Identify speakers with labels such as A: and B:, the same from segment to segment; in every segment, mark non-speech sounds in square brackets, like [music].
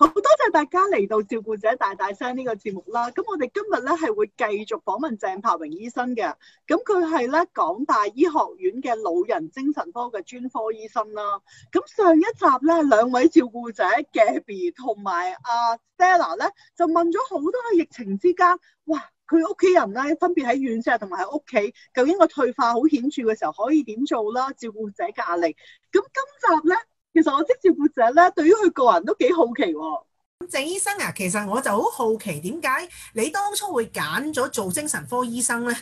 A: 好多謝大家嚟到照顧者大大聲呢個節目啦！咁我哋今日咧係會繼續訪問鄭柏榮醫生嘅，咁佢係咧港大醫學院嘅老人精神科嘅專科醫生啦。咁上一集咧，兩位照顧者 Gabby 同埋阿 Stella 咧就問咗好多喺疫情之間，哇！佢屋企人咧分別喺院舍同埋喺屋企，究竟個退化好顯著嘅時候可以點做啦？照顧者嘅壓力，咁今集咧。其實我接住副仔咧，對於佢個人都幾好奇。鄭醫生啊，其實我就好好奇，點解
B: 你當初會揀咗做精神科醫生咧？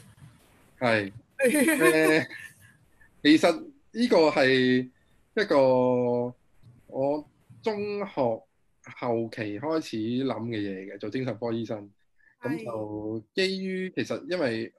C: 係、呃、 [laughs] 其實呢個係一個我中學後期開始諗嘅嘢嘅，做精神科醫生咁是就基於其實，因為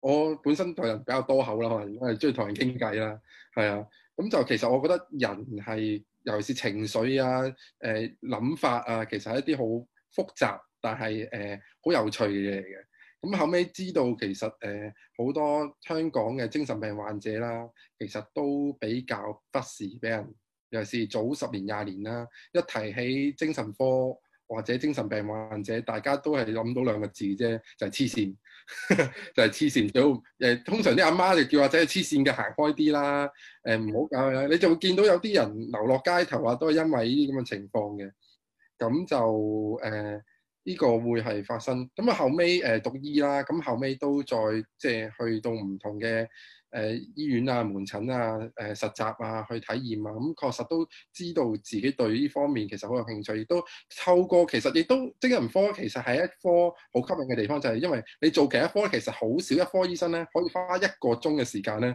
C: 我本身同人比較多口啦，可能我係中意同人傾偈啦，係啊。咁就其實我覺得人係，尤其是情緒啊、誒、呃、諗法啊，其實係一啲好複雜但係誒好有趣嘅嘢嚟嘅。咁後尾知道其實誒好、呃、多香港嘅精神病患者啦，其實都比較不時俾人，尤其是早十年廿年啦，一提起精神科或者精神病患者，大家都係諗到兩個字啫，就係黐線。 [laughs] 就係黐線到誒，通常啲阿媽，媽就叫阿仔黐線嘅行開啲啦，誒唔好搞啊，你就會見到有啲人流落街頭啊，都係因為呢啲咁嘅情況嘅，咁就誒呢、呃呢個會係發生，咁啊後尾誒、呃、讀醫啦，咁後尾都再即係、即係、去到唔同嘅。誒、呃、醫院啊、門診啊、誒、呃、實習啊、去體驗啊，咁、嗯、確實都知道自己對呢方面其實好有興趣，亦都透過其實亦都精神科其實係一科好吸引嘅地方，就係、是、因為你做其他科其實好少一科醫生咧，可以花一個鐘嘅時,時間咧。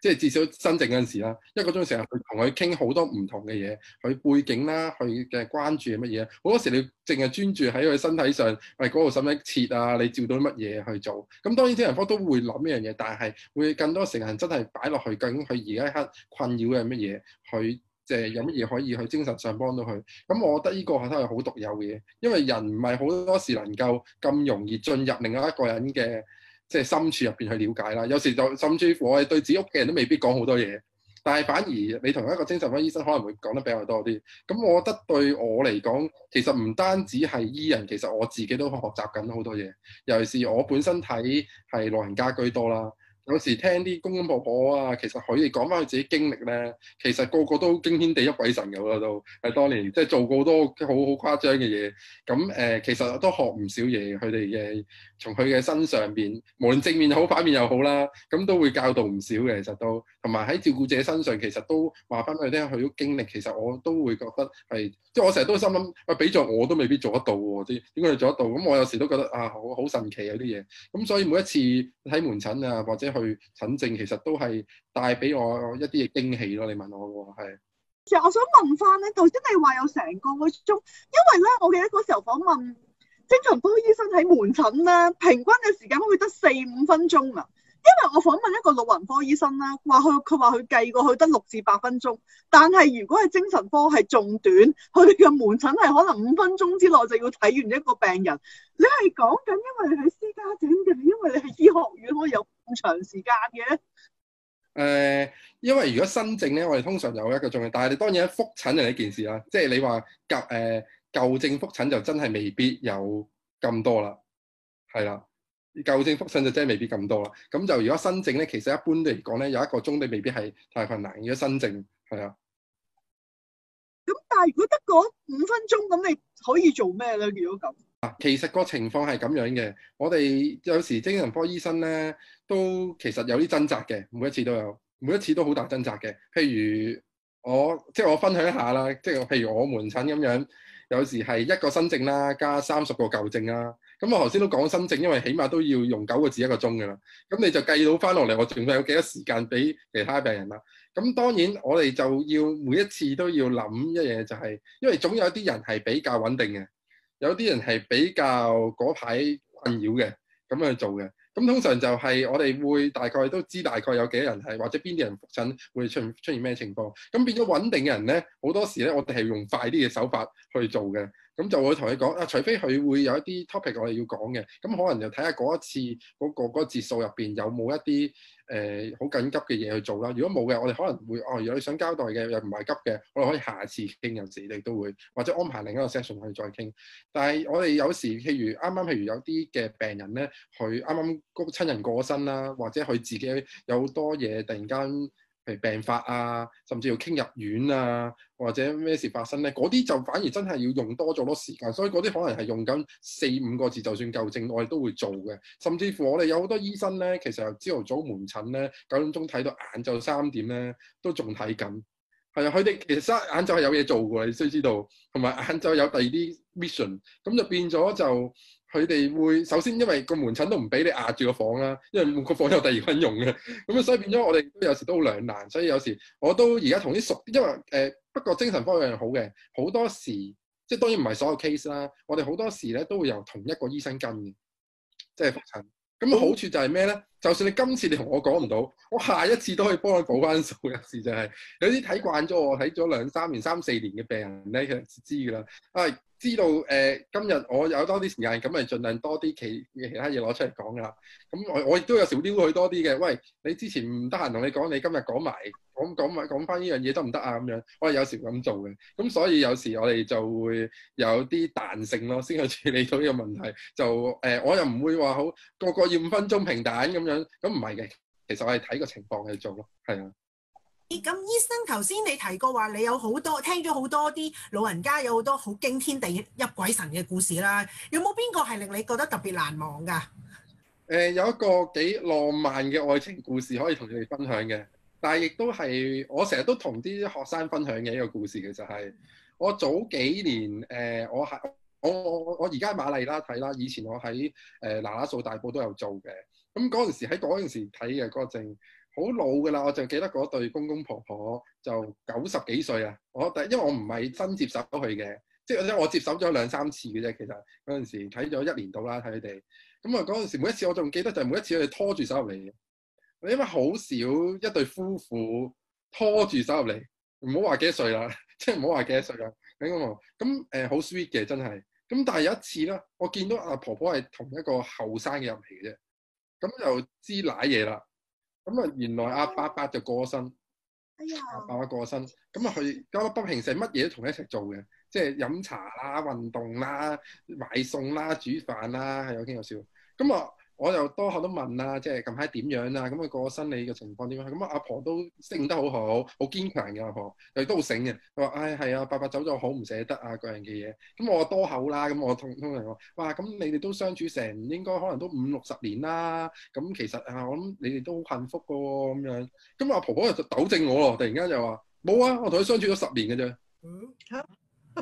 C: 即係至少新正嗰陣時啦，一個鐘成日去同佢傾好多唔同嘅嘢，佢背景啦，佢嘅關注係乜嘢？好多時你淨係專注喺佢身體上，喂嗰度使乜切啊，你照到乜嘢去做？咁當然天人科都會諗一樣嘢，但係會更多成人真係擺落去，究竟佢而家一刻困擾嘅係乜嘢？佢即係有乜嘢可以去精神上幫到佢？咁我覺得呢個係真係好獨有嘅嘢，因為人唔係好多時能夠咁容易進入另外一個人嘅。即係深處入邊去了解啦，有時就甚至乎我係對自己屋企人都未必講好多嘢，但係反而你同一個精神科醫生可能會講得比較多啲。咁我覺得對我嚟講，其實唔單止係醫人，其實我自己都學學習緊好多嘢，尤其是我本身睇係老人家居多啦。有時聽啲公公婆婆啊，其實佢哋講翻佢自己經歷咧，其實個個都驚天地泣鬼神有啦，都係當年即係做過好多好好誇張嘅嘢。咁誒、呃，其實都學唔少嘢，佢哋嘅從佢嘅身上邊，無論正面又好，反面又好啦，咁都會教導唔少嘅，其實都同埋喺照顧者身上，其實都話翻佢聽佢啲經歷，其實我都會覺得係，即係我成日都心諗，喂，俾作我都未必做得到喎，點點解你做得到？咁我有時都覺得啊，好好神奇啊啲嘢。咁所以每一次喺門診啊，或者～去診症其實都係帶俾我一啲嘢驚喜咯。你問我係，
A: 其實我想問翻咧，頭先你話有成個鐘，因為咧，我記得嗰時候訪問精神科醫生喺門診咧，平均嘅時間可，可以得四五分鐘啊。因為我訪問一個老人科醫生咧，話佢佢話佢計過去得六至八分鐘，但係如果係精神科係仲短，佢嘅門診係可能五分鐘之內就要睇完一個病人。你係講緊因為你係私家診嘅，因為你係醫學院我有。咁
C: 長時間嘅？誒、呃，因為如果新症咧，我哋通常有一個鐘嘅。但係你當然復診就呢件事啦，即係你話舊誒舊症復診就真係未必有咁多啦，係啦，舊症復診就真係未必咁多啦。咁就如果新症咧，其實一般嚟講咧，有一個鐘你未必係太困難。如果新症係啊，
A: 咁但係如果得嗰五分鐘，咁你可以做咩咧？如果咁
C: 啊，其實個情況係咁樣嘅，我哋有時精神科醫生咧。都其實有啲掙扎嘅，每一次都有，每一次都好大掙扎嘅。譬如我，即係我分享一下啦，即係譬如我門診咁樣，有時係一個新症啦，加三十個舊症啦。咁我頭先都講新症，因為起碼都要用九個字一個鐘㗎啦。咁你就計到翻落嚟，我仲有幾多時間俾其他病人啦？咁當然我哋就要每一次都要諗一樣嘢，就係，就係因為總有啲人係比較穩定嘅，有啲人係比較嗰排困擾嘅，咁去做嘅。咁通常就係我哋會大概都知，大概有幾多人係或者邊啲人復診會出出現咩情況，咁變咗穩定嘅人咧，好多時咧我哋係用快啲嘅手法去做嘅。咁就會同你講啊，除非佢會有一啲 topic 我哋要講嘅，咁可能就睇下嗰一次嗰、嗰個嗰節數入邊有冇一啲誒好緊急嘅嘢去做啦。如果冇嘅，我哋可能會哦，如果你想交代嘅又唔係急嘅，我哋可以下次傾。有時你都會或者安排另一個 session 去再傾。但係我哋有時譬如啱啱譬如有啲嘅病人咧，佢啱啱嗰個親人過身啦，或者佢自己有好多嘢突然間。係病發啊，甚至要傾入院啊，或者咩事發生咧？嗰啲就反而真係要用多咗多時間，所以嗰啲可能係用緊四五個字就算夠症，我哋都會做嘅。甚至乎我哋有好多醫生咧，其實由朝頭早門診咧，九點鐘睇到晏晝三點咧，都仲睇緊。係啊，佢哋其實晏晝係有嘢做嘅，你需要知道。同埋晏晝有第二啲 mission，咁就變咗就。佢哋會首先因，因為個門診都唔俾你壓住個房啦，因為個房有第二個人用嘅，咁啊，所以變咗我哋都有時都好兩難。所以有時我都而家同啲熟，因為誒、呃、不過精神科有樣好嘅，好多時即係當然唔係所有 case 啦。我哋好多時咧都會由同一個醫生跟嘅，即係覆診。咁好處就係咩咧？就算你今次你同我講唔到，我下一次都可以幫你補翻數。有時就係、是、有啲睇慣咗我，睇咗兩三年、三四年嘅病人咧，佢知噶啦，係。知道誒、呃，今日我有多啲時間，咁、嗯、咪盡量多啲其其他嘢攞出嚟講啦。咁、嗯、我我亦都有時撩佢多啲嘅。喂，你之前唔得閒同你講，你今日講埋講講埋講翻呢樣嘢，得唔得啊？咁、嗯、樣我係有時咁做嘅。咁、嗯、所以有時我哋就會有啲彈性咯，先去處理到呢個問題。就誒、呃，我又唔會話好個,個個要五分鐘平彈咁樣。咁唔係嘅，其實我係睇個情況去做咯。係啊。
B: 咁醫生頭先你提過話，你有好多聽咗好多啲老人家有好多好驚天地泣鬼神嘅故事啦，有冇邊個係令你覺得特別難忘㗎？誒、
C: 呃，有一個幾浪漫嘅愛情故事可以同你哋分享嘅，但係亦都係我成日都同啲學生分享嘅一個故事嘅，就係、是、我早幾年誒、呃，我喺我我我而家喺瑪麗啦睇啦，以前我喺誒那打素大埔都有做嘅，咁嗰陣時喺嗰陣時睇嘅嗰個症。好老㗎啦！我就記得嗰對公公婆婆就九十幾歲啊！我第因為我唔係真接手佢嘅，即係因為我接手咗兩三次嘅啫。其實嗰陣時睇咗一年到啦，睇佢哋咁啊。嗰陣時每一次我仲記得就係每一次佢哋拖住手入嚟嘅，因為好少一對夫婦拖住手入嚟，唔好話幾多歲啦，即係唔好話幾多歲啦。咁咁誒好、呃、sweet 嘅真係。咁但係有一次啦，我見到阿婆婆係同一個後生嘅入嚟嘅啫，咁就知瀨嘢啦。咁啊，原來阿爸爸就過身，
A: 哎、呦阿爸爸
C: 過身，咁啊佢交得不平時，乜嘢都同佢一齊做嘅，即係飲茶啦、運動啦、買餸啦、煮飯啦，係有傾有笑，咁啊～我又多口都問啊，即係近排點樣啊？咁啊過身理嘅情況點樣？咁啊阿婆都適應得好好，好堅強嘅阿婆，又都好醒嘅。佢話：，唉、哎，係啊，伯伯走咗好唔捨得啊，各樣嘅嘢。咁我多口啦，咁我通通同佢話：，哇，咁你哋都相處成應該可能都五六十年啦。咁其實啊，我諗你哋都好幸福個喎，咁樣。咁阿婆婆就糾正我喎，突然間就話：，冇啊，我同佢相處咗十年嘅啫。嗯，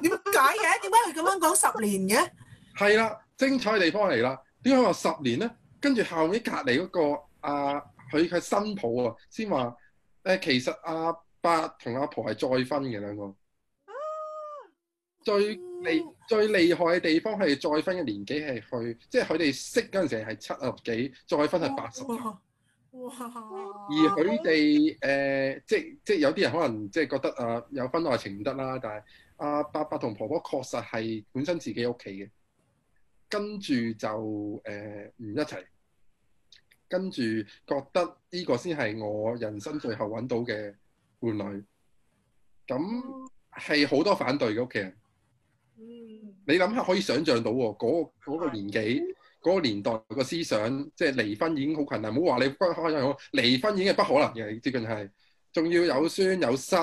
C: 點解嘅？點解佢咁樣講十年嘅？係啦， [laughs] 精彩地方嚟啦。點解話十年咧？跟住後尾隔離嗰個阿佢嘅新抱啊，先話誒，其實阿、啊、伯同阿婆係再婚嘅兩個。啊、最厲、嗯、最厲害嘅地方係再婚嘅年紀係去、就是呃，即係佢哋識嗰陣時係七十幾，再婚係八十。
B: 而佢
C: 哋誒，即係即係有啲人可能即係覺得啊，有婚外情唔得啦，但係阿、啊、伯伯同婆婆確實係本身自己屋企嘅。跟住就誒唔、呃、一齊，跟住覺得呢個先係我人生最後揾到嘅伴侶，咁係好多反對嘅屋企人。嗯，你諗下可以想像到喎，嗰、嗰個年紀、嗰、嗰個年代個思想，即係離婚已經好困難，唔好話你婚開好離婚已經係不可能嘅接近係，仲要有孫有失，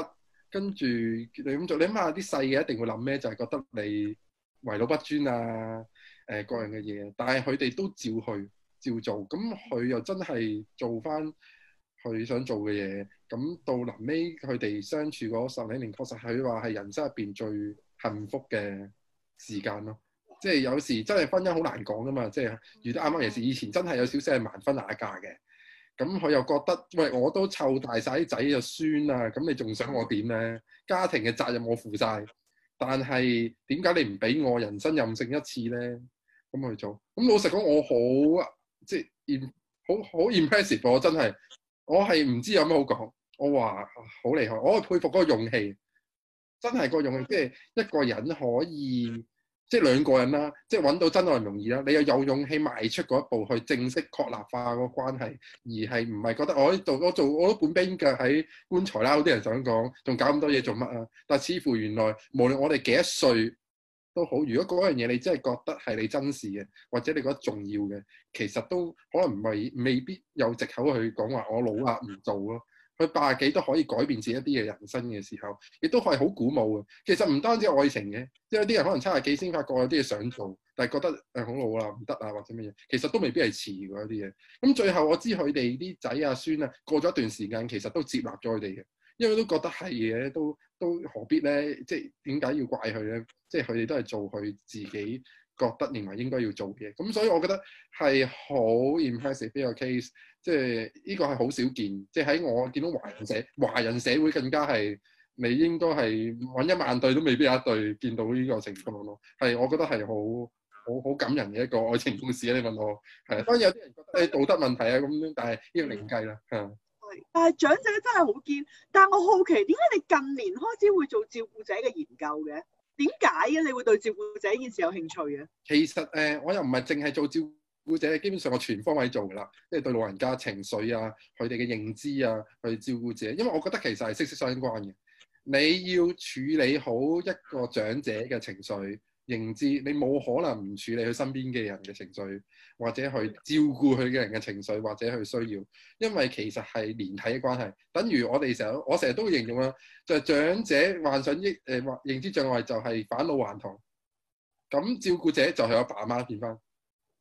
C: 跟住你咁做，你諗下啲細嘅一定會諗咩？就係、是、覺得你為老不尊啊！誒個、呃、人嘅嘢，但係佢哋都照去照做，咁佢又真係做翻佢想做嘅嘢。咁到臨尾佢哋相處嗰十幾年，確實係話係人生入邊最幸福嘅時間咯。即係有時真係婚姻好難講㗎嘛。即係遇到啱啱嘅事，以前真係有少少係萬分壓架嘅。咁佢又覺得喂，我都湊大晒仔就酸啦，咁你仲想我點咧？家庭嘅責任我負曬，但係點解你唔俾我人生任性一次咧？咁去做，咁、嗯、老實講，我好即係好好 impressive，我真係，我係唔知有咩好講。我話好厲害，我係佩服嗰個勇氣，真係個勇氣，即係一個人可以，即係兩個人啦，即係揾到真愛容易啦。你又有勇氣邁出嗰一步去正式確立化個關係，而係唔係覺得我做我做我都本兵嘅喺棺材啦，啲人想講，仲搞咁多嘢做乜啊？但係似乎原來無論我哋幾多歲，都好，如果嗰樣嘢你，你真係覺得係你珍視嘅，或者你覺得重要嘅，其實都可能唔係未必有藉口去講話我老啦唔做咯。佢八十幾都可以改變自己一啲嘅人生嘅時候，亦都係好鼓舞嘅。其實唔單止愛情嘅，即係有啲人可能七十幾先發覺有啲嘢想做，但係覺得誒好、呃、老啦唔得啊，或者乜嘢，其實都未必係遲嗰啲嘢。咁最後我知佢哋啲仔啊孫啊過咗一段時間，其實都接納咗佢哋嘅，因為都覺得係嘅都。都何必咧？即係點解要怪佢咧？即係佢哋都係做佢自己覺得認為應該要做嘅嘢。咁所以我覺得係好 impressive 呢個 case，即係呢個係好少見。即係喺我見到華人社，華人社會更加係你應該係揾一萬對都未必有一對見到呢個情況咯。係我覺得係好好好感人嘅一個愛情故事。你問我係，當然有啲人覺得係道德問題啊咁，但係呢個另計啦嚇。
A: 但係長者真係好堅，但係我好奇點解你近年開始會做照顧者嘅研究嘅？點解嘅？你會對照顧者呢件事有興趣嘅？
C: 其實誒，我又唔係淨係做照顧者，基本上我全方位做噶啦，即係對老人家情緒啊、佢哋嘅認知啊、去照顧者，因為我覺得其實係息息相關嘅。你要處理好一個長者嘅情緒。認知你冇可能唔處理佢身邊嘅人嘅情緒，或者去照顧佢嘅人嘅情緒，或者佢需要，因為其實係連體嘅關係。等於我哋成日，我成日都會形容啦，就係、是、長者患上抑誒認知障礙就反，就係返老還童。咁照顧者就係我爸，爸媽變翻。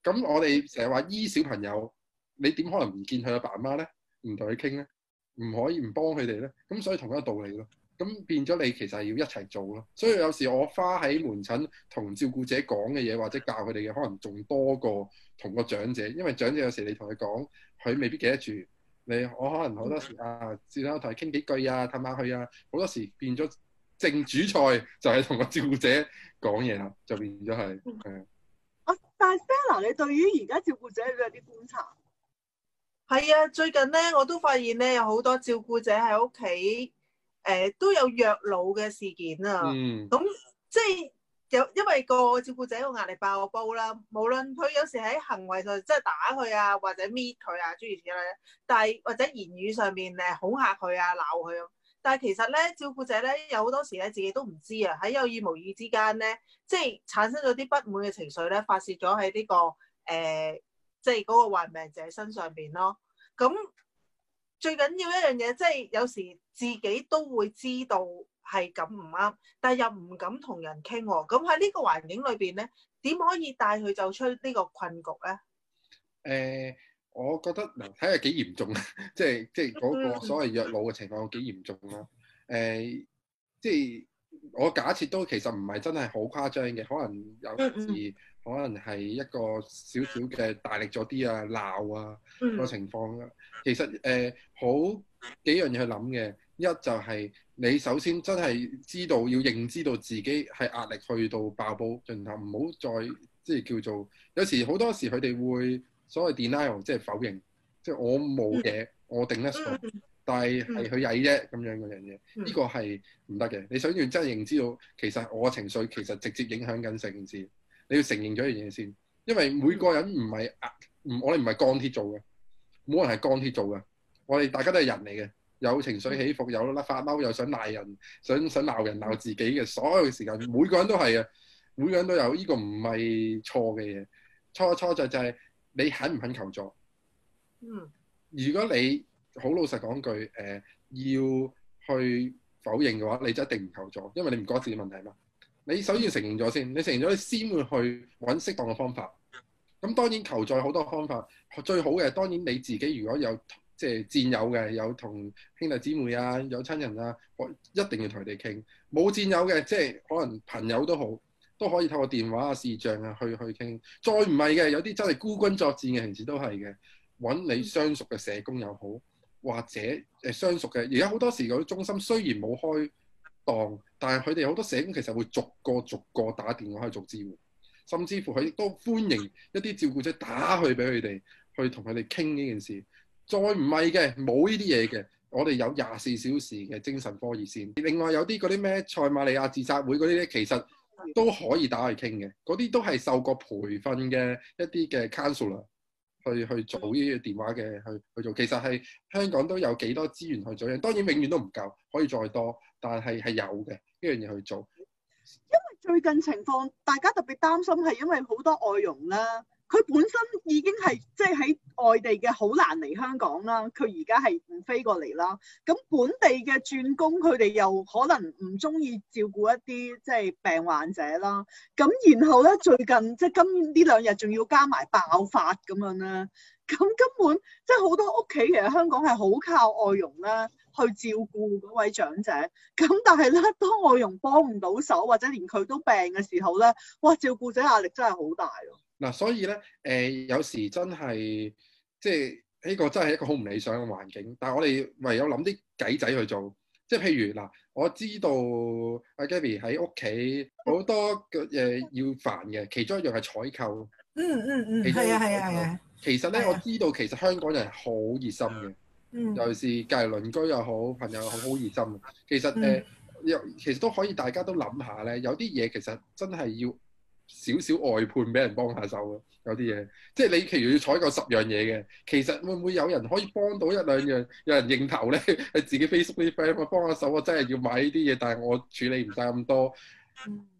C: 咁我哋成日話醫小朋友，你點可能唔見佢阿爸媽咧？唔同佢傾咧，唔可以唔幫佢哋咧。咁所以同一個道理咯。咁變咗，你其實要一齊做咯。所以有時我花喺門診同照顧者講嘅嘢，或者教佢哋嘅，可能仲多過同個長者，因為長者有時你同佢講，佢未必記得住。你我可能好多時、嗯、啊，試啦，同佢傾幾句啊，探下佢啊。好多時變咗正主菜就係同個照顧者講嘢啦，就變咗係。嗯。
A: 我、啊、但係你對於而家照顧者有冇啲觀
B: 察？係啊，最近咧我都發現咧有好多照顧者喺屋企。誒都有虐老嘅事件啊，咁即係有，因為個照顧者個壓力爆個煲啦。無論佢有時喺行為上即係打佢啊，或者搣佢啊，諸如此類，但係或者言語上面誒恐嚇佢啊、鬧佢啊。但係其實咧，照顧者咧有好多時咧自己都唔知啊，喺有意無意之間咧，即係產生咗啲不滿嘅情緒咧，發泄咗喺呢個誒，即係嗰個患病者身上邊咯。咁、嗯。最緊要一樣嘢，即係有時自己都會知道係咁唔啱，但係又唔敢同人傾喎。咁喺呢個環境裏邊咧，點可以帶佢走出呢個困局咧？
C: 誒、呃，我覺得嗱，睇下幾嚴重啊！即係即係嗰個所謂弱腦嘅情況幾嚴重啦。誒、呃，即係我假設都其實唔係真係好誇張嘅，可能有時。 [laughs] 可能係一個少少嘅大力咗啲啊、鬧啊個情況啦。其實誒、呃、好幾樣嘢去諗嘅，一就係你首先真係知道要認知到自己係壓力去到爆煲，然後唔好再即係叫做有時好多時佢哋會所謂 denial 即係否認，即、就、係、是、我冇嘢，我頂得順，但係係佢曳啫咁樣嗰樣嘢。呢、這個係唔得嘅。你想要真係認知到其實我嘅情緒其實直接影響緊成件事。你要承認咗一樣嘢先，因為每個人唔係啊，唔我哋唔係鋼鐵做嘅，冇人係鋼鐵做嘅，我哋大家都係人嚟嘅，有情緒起伏，有甩發嬲，又想賴人，想想鬧人鬧自己嘅，所有嘅時間每個人都係嘅，每個人都有，呢個唔係錯嘅嘢，錯錯就係你肯唔肯求助。嗯，如果你好老實講句誒，要去否認嘅話，你就一定唔求助，因為你唔覺得自己問題嘛。你首先承認咗先，你承認咗，你先會去揾適當嘅方法。咁當然求助好多方法，最好嘅當然你自己如果有即係戰友嘅，有同兄弟姊妹啊，有親人啊，我一定要同佢哋傾。冇戰友嘅，即係可能朋友都好，都可以透過電話啊、視像啊去去傾。再唔係嘅，有啲真係孤軍作戰嘅其實都係嘅，揾你相熟嘅社工又好，或者誒相熟嘅。而家好多時嗰啲中心雖然冇開。當，但係佢哋好多社工其實會逐個逐個打電話去做支援，甚至乎佢亦都歡迎一啲照顧者打去俾佢哋去同佢哋傾呢件事。再唔係嘅，冇呢啲嘢嘅，我哋有廿四小時嘅精神科熱線。另外有啲嗰啲咩撒瑪利亞自殺會嗰啲咧，其實都可以打去傾嘅。嗰啲都係受過培訓嘅一啲嘅 counselor 去去做呢啲電話嘅去去做。其實係香港都有幾多資源去做嘅，當然永遠都唔夠，可以再多。但係係有嘅呢樣嘢去做，
A: 因為最近情況大家特別擔心係因為好多外傭啦，佢本身已經係即係喺外地嘅好難嚟香港啦，佢而家係唔飛過嚟啦。咁本地嘅轉工佢哋又可能唔鍾意照顧一啲即係病患者啦。咁然後呢最近即係、就是、今呢兩日仲要加埋爆發咁樣啦。咁根本即係好多屋企其實香港係好靠外傭啦。去照顧嗰位長者，咁但係咧，當我用幫唔到手，或者連佢都病嘅時候咧，哇，照顧者壓力真係好大咯、
C: 啊。嗱，所以咧，誒、呃，有時真係即係呢個真係一個好唔理想嘅環境，但係我哋唯有諗啲計仔去做，即、就、係、是、譬如嗱，我知道阿 Gaby 喺屋企好多嘅嘢要煩嘅，其中一樣係採購。嗯嗯嗯，係
B: 啊係啊係啊。啊
C: 啊啊其實咧，啊、我知道其實香港人係好熱心嘅。尤其是隔離鄰居又好，朋友又好，好熱心。其實誒，又、嗯呃、其實都可以，大家都諗下咧。有啲嘢其實真係要少少外判，俾人幫下手嘅。有啲嘢，即係你譬如要採購十樣嘢嘅，其實會唔會有人可以幫到一兩樣？有人認頭咧，係 [laughs] 自己 Facebook 啲 friend 咪幫下手啊！我真係要買呢啲嘢，但係我處理唔晒咁多。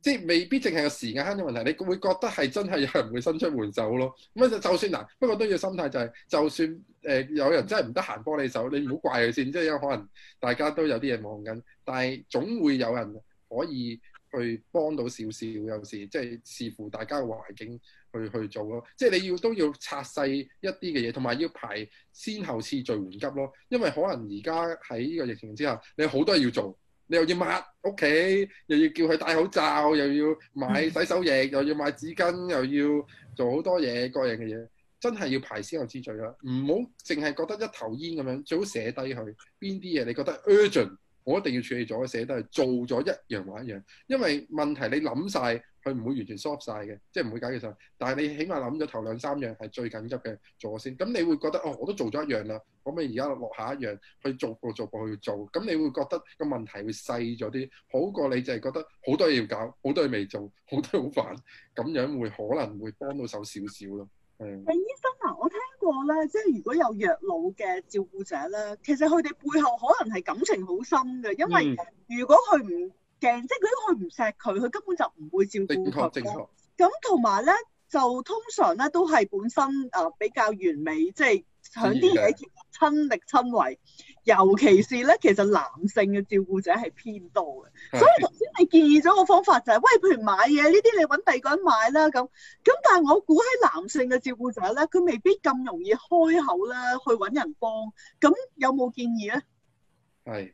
C: 即係未必淨係個時間嘅問題，你會覺得係真係有人會伸出援手咯。咁就算難，不過都要心態就係、是，就算誒有人真係唔得閒幫你手，你唔好怪佢先，即係有可能大家都有啲嘢忙緊，但係總會有人可以去幫到少少有。有時即係視乎大家嘅環境去去做咯。即係你要都要拆細一啲嘅嘢，同埋要排先後次序緩急咯。因為可能而家喺呢個疫情之下，你好多嘢要做。你又要抹屋企，又要叫佢戴口罩，又要買洗手液，又要買紙巾，又要做好多嘢，各樣嘅嘢，真係要排先後次序啦。唔好淨係覺得一頭煙咁樣，最好寫低佢。邊啲嘢，你覺得 urgent，我一定要處理咗，寫低去做咗一樣還一樣，因為問題你諗晒。佢唔會完全 solve 曬嘅，即係唔會解決晒。但係你起碼諗咗頭兩三樣係最緊急嘅做先。咁你會覺得哦，我都做咗一樣啦。可唔可以而家落下一樣去逐步逐步去做？咁你會覺得個問題會細咗啲，好過你就係覺得好多嘢要搞，好多嘢未做，好多嘢好煩。咁樣會可能會幫到手少少咯。
A: 係。誒，醫生啊，我聽過咧，即係如果有藥老嘅照顧者咧，其實佢哋背後可能係感情好深嘅，因為如果佢唔即係佢啲佢唔錫佢，佢根本就唔會照顧佢。正確正確。咁同埋咧，就通常咧都係本身誒比較完美，即係搶啲嘢，親力親為。尤其是咧，其實男性嘅照顧者係偏多嘅。的所以頭先你建議咗個方法就係、係，喂，譬如買嘢呢啲，你揾第二個人買啦咁。咁但係我估喺男性嘅照顧者咧，佢未必咁容易開口啦，去揾人幫。咁有冇建議咧？係。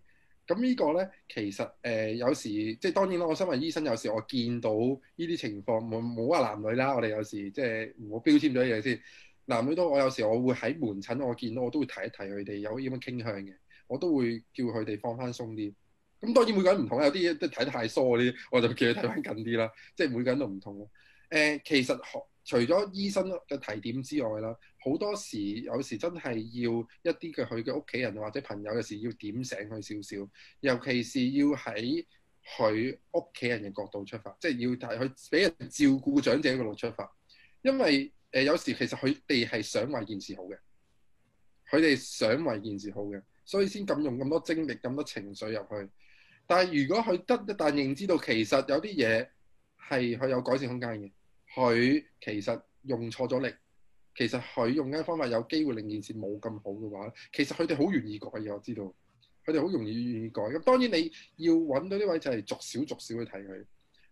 C: 咁呢個咧，其實誒、呃、有時即係當然啦。我身為醫生，有時我見到呢啲情況，冇冇話男女啦。我哋有時即係、就是、我標籤咗嘢先，男女都我有時我會喺門診我見到，我都會提一提佢哋有呢樣傾向嘅，我都會叫佢哋放翻鬆啲。咁當然每個人都唔同，有啲嘢都睇得太疏啲，我就叫佢睇翻近啲啦。即係每個人都唔同。誒、呃，其實學除咗醫生嘅提點之外啦。好多時有時真係要一啲嘅佢嘅屋企人或者朋友嘅事，要點醒佢少少，尤其是要喺佢屋企人嘅角度出發，即係要睇佢俾人照顧長者嗰度出發。因為誒、呃、有時其實佢哋係想為件事好嘅，佢哋想為件事好嘅，所以先咁用咁多精力、咁多情緒入去。但係如果佢得，但係認知到其實有啲嘢係佢有改善空間嘅，佢其實用錯咗力。其實佢用嘅方法有機會令件事冇咁好嘅話，其實佢哋好願意改嘅，我知道。佢哋好容易願意改。咁當然你要揾到啲位，就係逐少逐少去睇佢。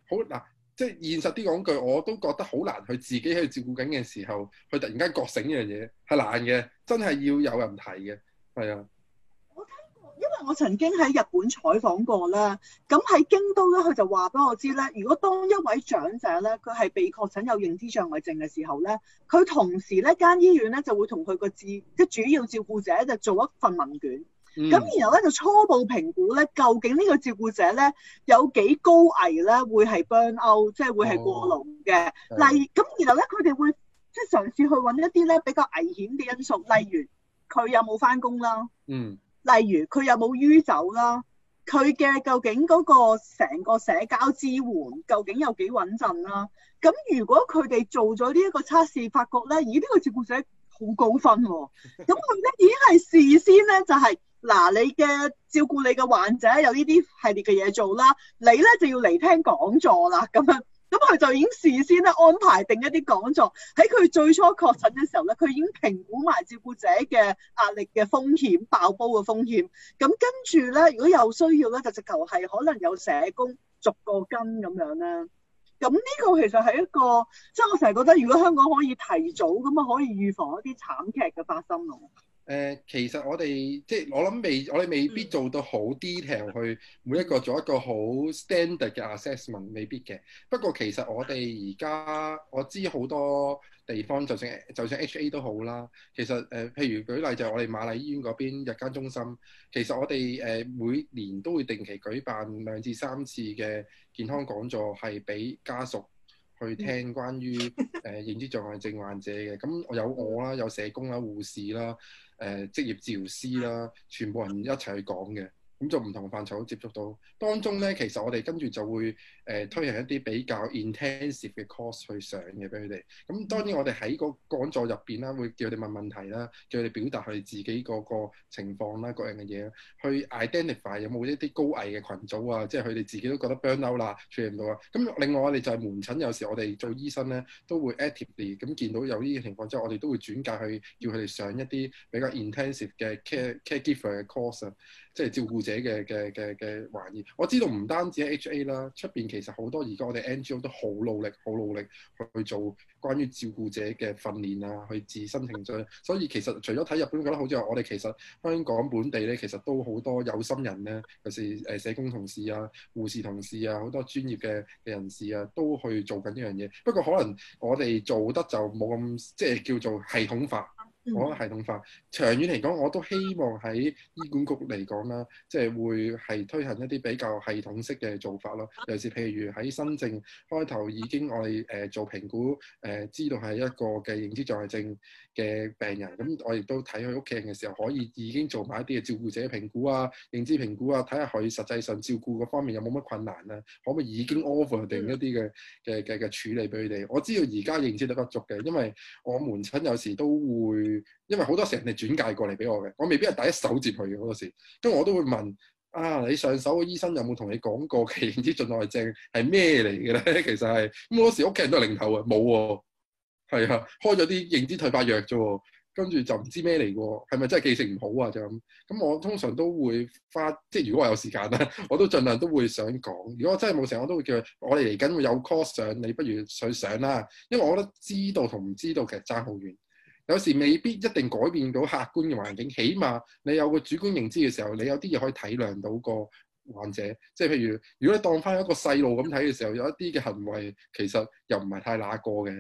C: 好，嗱，即係現實啲講句，我都覺得好難。佢自己喺度照顧緊嘅時候，佢突然間覺醒一樣嘢係難嘅，真係要有人提嘅，係啊。
A: 我曾經喺日本採訪過啦，咁喺京都咧，佢就話俾我知咧，如果當一位長者咧，佢係被確診有認知障礙症嘅時候咧，佢同時咧間醫院咧就會同佢個治即主要照顧者就做一份問卷，咁、嗯、然後咧就初步評估咧究竟呢個照顧者咧有幾高危咧會係 burn out，即係會係過勞嘅，例咁、哦、然後咧佢哋會即係嘗試去揾一啲咧比較危險嘅因素，例如佢有冇返工啦，嗯。例如佢有冇酗酒啦？佢嘅究竟嗰個成個社交支援究竟有幾穩陣啦？咁如果佢哋做咗呢一個測試，發覺咧，咦呢、呢個照顧者好高分喎、哦，咁佢咧已經係事先咧就係、是、嗱你嘅照顧你嘅患者有呢啲系列嘅嘢做啦，你咧就要嚟聽講座啦，咁樣。咁佢就已經事先咧安排定一啲講座，喺佢最初確診嘅時候咧，佢已經評估埋照顧者嘅壓力嘅風險、爆煲嘅風險。咁跟住咧，如果有需要咧，就直頭係可能有社工逐個跟咁樣啦。咁呢個其實係一個，即係我成日覺得，如果香港可以提早咁啊，可以預防一啲慘劇嘅發生咯。
C: 誒、呃，其實我哋即係我諗未，我哋未必做到好 detail 去每一個做一個好 standard 嘅 assessment，未必嘅。不過其實我哋而家我知好多地方，就算就算 HA 都好啦。其實誒、呃，譬如舉例就係、是、我哋瑪麗醫院嗰邊日間中心，其實我哋誒、呃、每年都會定期舉辦兩至三次嘅健康講座，係俾家屬。去聽關於誒認知障礙症患者嘅，咁、呃、我、 [laughs] 呃、有我啦，有社工啦、護士啦、誒、呃、職業治療師啦，全部人一齊去講嘅，咁就唔同範疇都接觸到。當中咧，其實我哋跟住就會。誒、呃、推行一啲比較 intensive 嘅 course 去上嘅俾佢哋，咁當然我哋喺個講座入邊啦，會叫佢哋問問題啦，叫佢哋表達佢自己個個情況啦，各樣嘅嘢去 identify 有冇一啲高危嘅群組啊，即係佢哋自己都覺得 burnout 啦，處理唔到啊。咁另外我哋就係門診，有時我哋做醫生咧都會 actively 咁見到有呢啲情況之後，我哋都會轉介去叫佢哋上一啲比較 intensive 嘅 care care giver 嘅 course 啊，即係照顧者嘅嘅嘅嘅懷疑。我知道唔單止係 HA 啦，出邊其實好多而家我哋 NGO 都好努力，好努力去做關於照顧者嘅訓練啊，去自身成長。所以其實除咗睇日本覺得好之外，我哋其實香港本地咧，其實都好多有心人咧，尤其是誒社工同事啊、護士同事啊，好多專業嘅嘅人士啊，都去做緊呢樣嘢。不過可能我哋做得就冇咁即係叫做系統化。我系統化，長遠嚟講，我都希望喺醫管局嚟講啦，即係會係推行一啲比較系統式嘅做法咯。尤其是譬如喺新症開頭已經我哋誒做評估，誒知道係一個嘅認知障礙症嘅病人，咁我亦都睇佢屋企人嘅時候，可以已經做埋一啲嘅照顧者評估啊、認知評估啊，睇下佢實際上照顧嘅方面有冇乜困難啊，可唔可以已經 offer 定一啲嘅嘅嘅嘅處理俾佢哋？我知道而家認知得不足嘅，因為我門診有時都會。因為好多時候人哋轉介過嚟俾我嘅，我未必係第一手接佢嘅好多時，咁我都會問啊，你上手嘅醫生有冇同你講過，嘅認知障礙症係咩嚟嘅咧？其實係咁，好多時屋企人都係零頭啊，冇喎，係啊，開咗啲認知退化藥啫，跟住就唔知咩嚟嘅，係咪真係記性唔好啊？就咁，咁我通常都會花，即係如果我有時間啦，我都盡量都會想講。如果真係冇時間，我都會叫佢，我哋嚟緊會有 course 上，你不如去上啦。因為我覺得知道同唔知道其實爭好遠。有時未必一定改變到客觀嘅環境，起碼你有個主觀認知嘅時候，你有啲嘢可以體諒到個患者，即係譬如，如果你當返一個細路咁睇嘅時候，有一啲嘅行為其實又唔係太哪個嘅，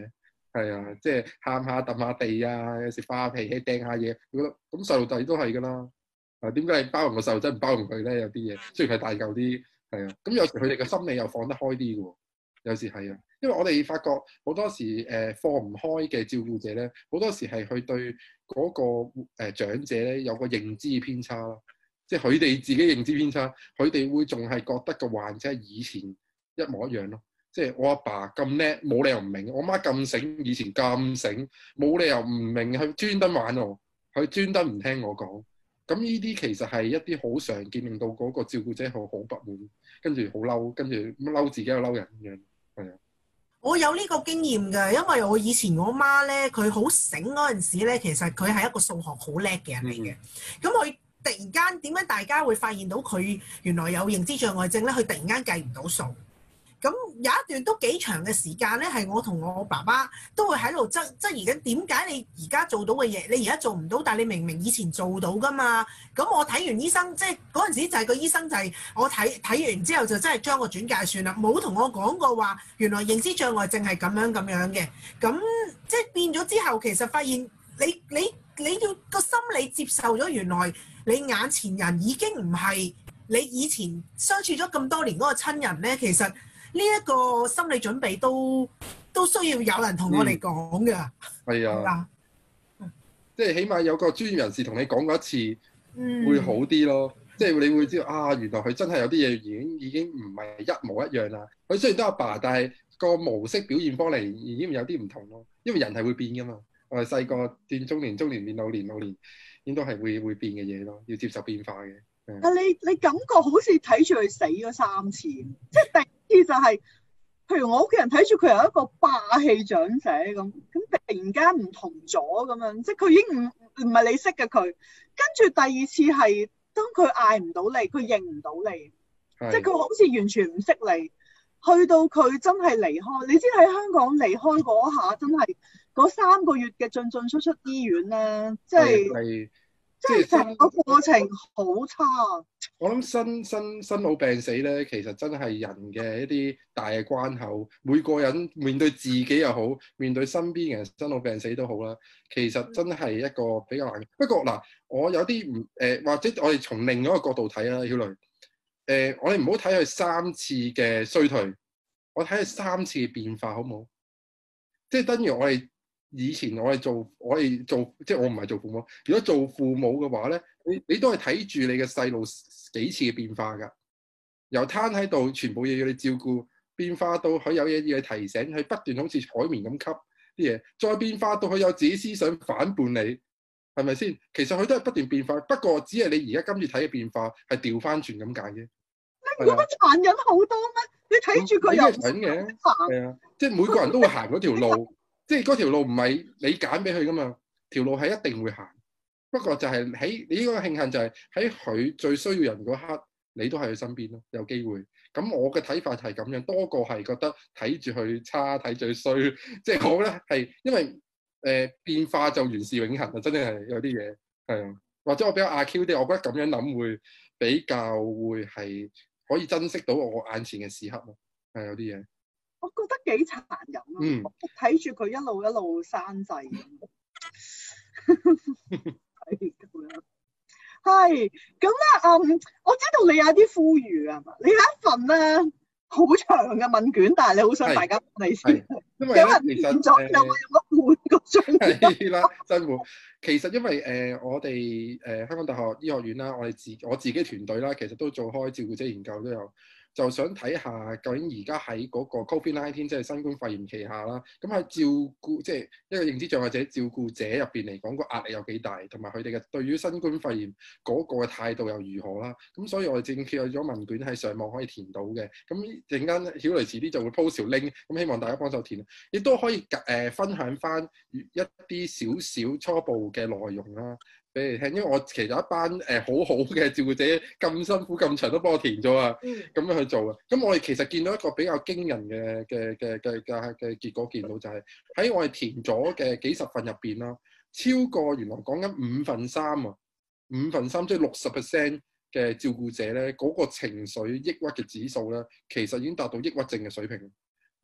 C: 係啊，即係喊下揼下地啊，有時發下脾氣掟下嘢，覺得咁細路仔都係噶啦，啊點解你包容個細路仔唔包容佢咧？有啲嘢雖然係大嚿啲，係啊，咁有時佢哋嘅心理又放得開啲嘅喎。有時係啊，因為我哋發覺好多時誒、呃、放唔開嘅照顧者咧，好多時係去對嗰個誒長者咧有個認知偏差咯，即係佢哋自己認知偏差，佢哋會仲係覺得個患者係以前一模一樣咯，即係我阿爸咁叻，冇理由唔明；我媽咁醒，以前咁醒，冇理由唔明。佢專登玩我，佢專登唔聽我講。咁呢啲其實係一啲好常見，令到嗰個照顧者好好不滿，跟住好嬲，跟住嬲自己又嬲人咁樣。
B: 我有呢個經驗㗎，因為我以前我媽呢，佢好醒嗰陣時呢，其實佢係一個數學好叻嘅人嚟嘅。咁佢突然間點樣，大家會發現到佢原來有認知障礙症呢？佢突然間計唔到數。咁有一段都幾長嘅時間呢，係我同我爸爸都會喺度質疑緊，即係而家點解你而家做到嘅嘢，你而家做唔到，但係你明明以前做到噶嘛？咁我睇完醫生，即係嗰陣時就係個醫生就係我睇睇完之後就真係將個轉介算啦，冇同我講過話原來認知障礙症係咁樣咁樣嘅。咁即係變咗之後，其實發現你你你要個心理接受咗原來你眼前人已經唔係你以前相處咗咁多年嗰個親人呢，其實。呢一個心理準備都都需要有人同我
C: 哋講㗎，係、嗯、啊， [laughs] 即係起碼有個專業人士同你講過一次，嗯、
A: 會好
C: 啲咯。即係你會知道啊，原來佢真係有啲嘢已經已經唔係一模一樣啦。佢雖然都阿爸，爸，但係個模式表現方嚟已經有啲唔同咯。因為人係會變噶嘛。我哋細個變中年，中年變老年，老年應該係會會變嘅嘢咯。要接受變化嘅。嗯、
A: 但你你感覺好似睇住佢死咗三次，即係 [laughs] 二就係，譬如我屋企人睇住佢係一個霸氣長者咁，咁突然間唔同咗咁樣，即係佢已經唔唔係你識嘅佢。跟住第二次係，當佢嗌唔到你，佢認唔到你，
B: 的即係佢
A: 好似完全唔識你。去到佢真係離開，你知喺香港離開嗰下真係嗰三個月嘅進進出出出醫院咧，即係即係成個過程好差。
C: 我諗生生生老病死咧，其實真係人嘅一啲大嘅關口。每個人面對自己又好，面對身邊嘅人生老病死都好啦。其實真係一個比較難。不過嗱，我有啲唔誒，或者我哋從另一個角度睇啦，曉雷誒，呃，我哋唔好睇佢三次嘅衰退，我睇佢三次變化好唔好？即係等於我哋。以前我係做，我係做，即係我唔係做父母。如果做父母嘅話咧，你你都係睇住你嘅細路幾次嘅變化㗎，由攤喺度全部嘢要你照顧，變化到佢有嘢要你提醒，佢不斷好似海綿咁吸啲嘢，再變化到佢有自己思想反叛你，係咪先？其實佢都係不斷變化，不過只係你而家今次睇嘅變化係調翻轉咁解啫。你覺得
A: 殘忍好多咩？你睇
C: 住佢，你係殘嘅，係啊，即係每個人都會行嗰條路。即係嗰條路唔係你揀俾佢噶嘛，條路係一定會行。不過就係、是、喺你應該慶幸就係喺佢最需要人嗰刻，你都係佢身邊咯。有機會咁，我嘅睇法係咁樣，多過係覺得睇住佢差，睇最衰。即係我咧係因為誒、呃、變化就原是永恆啊，真係係有啲嘢係啊。或者我比較阿 Q 啲，我覺得咁樣諗會比較會係可以珍惜到我眼前嘅時刻咯。係有啲嘢。
A: 我覺得幾殘忍咯，睇住佢一路一路生滯咁。係咁啦， [laughs] [laughs] 嗯，我知道你有啲呼籲啊，你有一份咧好長嘅問卷，是但係你好想大家你先，因為咧
C: 其實誒又用咗半個鐘。係 [laughs] 啦，辛苦。其實因為誒、呃、我哋誒、呃呃、香港大學醫學院啦，我哋自我自己團隊啦，其實都做開照顧者研究都有。就想睇下究竟而家喺嗰個 COVID-19 即係新冠肺炎旗下啦，咁喺照顧即係一個認知障礙者照顧者入邊嚟講，個壓力有幾大，同埋佢哋嘅對於新冠肺炎嗰個嘅態度又如何啦？咁所以我哋正設計咗問卷喺上網可以填到嘅，咁陣間曉蕾遲啲就會 post link，咁希望大家幫手填，亦都可以誒、呃、分享翻一啲少少初步嘅內容啦。俾你聽，因為我其實一班誒、呃、好好嘅照顧者咁辛苦咁長都幫我填咗啊，咁樣去做啊。咁我哋其實見到一個比較驚人嘅嘅嘅嘅嘅嘅結果，見到就係喺我哋填咗嘅幾十份入邊啦，超過原來講緊五份三啊，五份三即係六十 percent 嘅照顧者咧，嗰、那個情緒抑鬱嘅指數咧，其實已經達到抑鬱症嘅水平。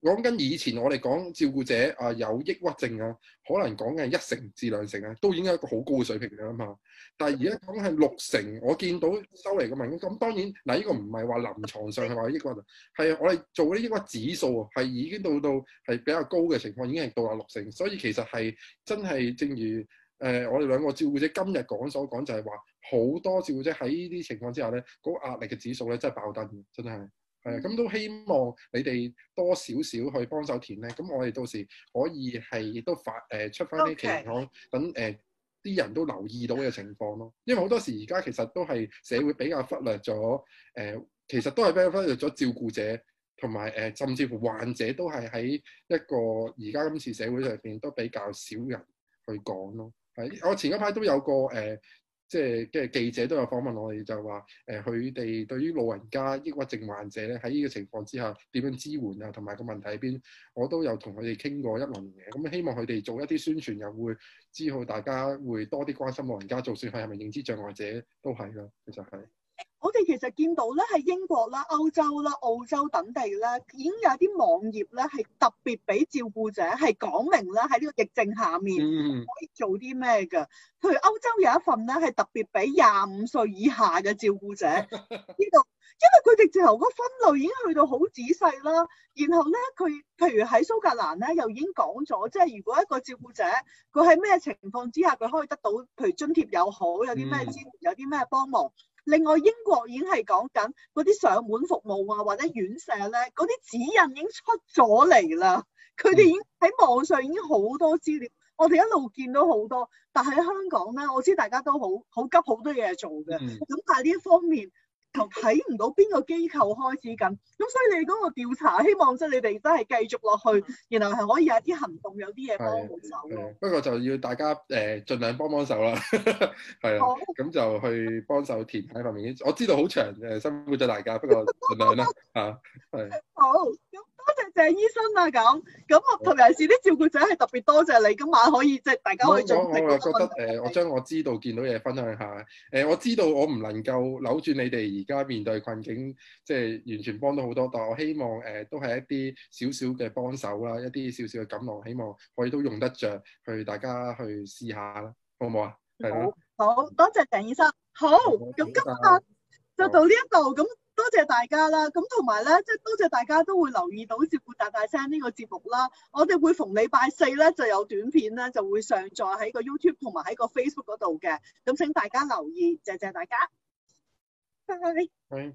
C: 講緊以前我哋講照顧者啊有抑鬱症啊，可能講緊係一成至兩成啊，都已經係一個好高嘅水平㗎啦嘛。但係而家講緊係六成，我見到收嚟嘅問卷，咁當然嗱，呢、這個唔係話臨床上係話抑鬱，係我哋做嗰啲抑鬱指數啊，係已經到到係比較高嘅情況，已經係到達六成。所以其實係真係正如誒、呃、我哋兩個照顧者今日講所講，就係話好多照顧者喺呢啲情況之下咧，嗰、那個壓力嘅指數咧真係爆燈，真係。真誒咁都希望你哋多少少去幫手填咧，咁我哋到時可以係都發誒出翻啲期刊，等誒啲人都留意到嘅情況咯。因為好多時而家其實都係社會比較忽略咗，誒、呃、其實都係比較忽略咗照顧者，同埋誒甚至乎患者都係喺一個而家今次社會上邊都比較少人去講咯。係、呃，我前一排都有個誒。呃即係，即係記者都有訪問我哋，就話誒佢哋對於老人家抑鬱症患者咧，喺呢個情況之下點樣支援啊，同埋個問題喺邊，我都有同佢哋傾過一輪嘅。咁希望佢哋做一啲宣傳，又會知道大家會多啲關心老人家，就算係係咪認知障礙者都係㗎，其實係。
A: 即係其實見到咧，喺英國啦、歐洲啦、澳洲等地咧，已經有啲網頁咧，係特別俾照顧者係講明咧喺呢個疫症下面可以做啲咩嘅。譬如歐洲有一份咧，係特別俾廿五歲以下嘅照顧者呢度，因為佢直接由個分類已經去到好仔細啦。然後咧，佢譬如喺蘇格蘭咧，又已經講咗，即係如果一個照顧者佢喺咩情況之下，佢可以得到譬如津貼又好，有啲咩資，有啲咩幫忙。另外英國已經係講緊嗰啲上門服務啊，或者院舍咧，嗰啲指引已經出咗嚟啦。佢哋已經喺網上已經好多資料，我哋一路見到好多。但喺香港咧，我知大家都好好急好多嘢做嘅。咁但係呢一方面，就睇唔到邊個機構開始緊，咁所以你嗰個調查，希望即係你哋真係繼續落去，然後係可以有啲行動，有啲嘢幫手。
C: 不過就要大家誒、呃、盡量幫幫手啦，係 [laughs] 啦的，咁好就去幫手填喺方面。我知道好長，誒辛苦咗大家，不過盡量啦。啊 [laughs] 的，係。
A: 多謝，謝鄭醫生啊。咁咁我同尤其是啲照顧者係特別多謝你，今晚可以即係大家可以做。我我覺得
C: 誒，我、呃呃、將我知道見到嘢分享下。誒、呃，我知道我唔能夠扭轉你哋而家面對困境，即、就、係、是、完全幫到好多，但我希望誒、呃、都係一啲少少嘅幫手啦，一啲少少嘅感冒，希望可以都用得着去大家去試下啦，好唔好啊？係
A: 好多吧謝，謝鄭醫生。好，咁、嗯、今日就到呢一度咁。嗯多謝大家啦，咁同埋咧，即係多謝大家都會留意到好似《闊大大聲》呢個節目啦。我哋會逢禮拜四咧就有短片咧就會上載喺個 YouTube 同埋喺個 Facebook 嗰度嘅，咁請大家留意，謝謝大家。拜。拜！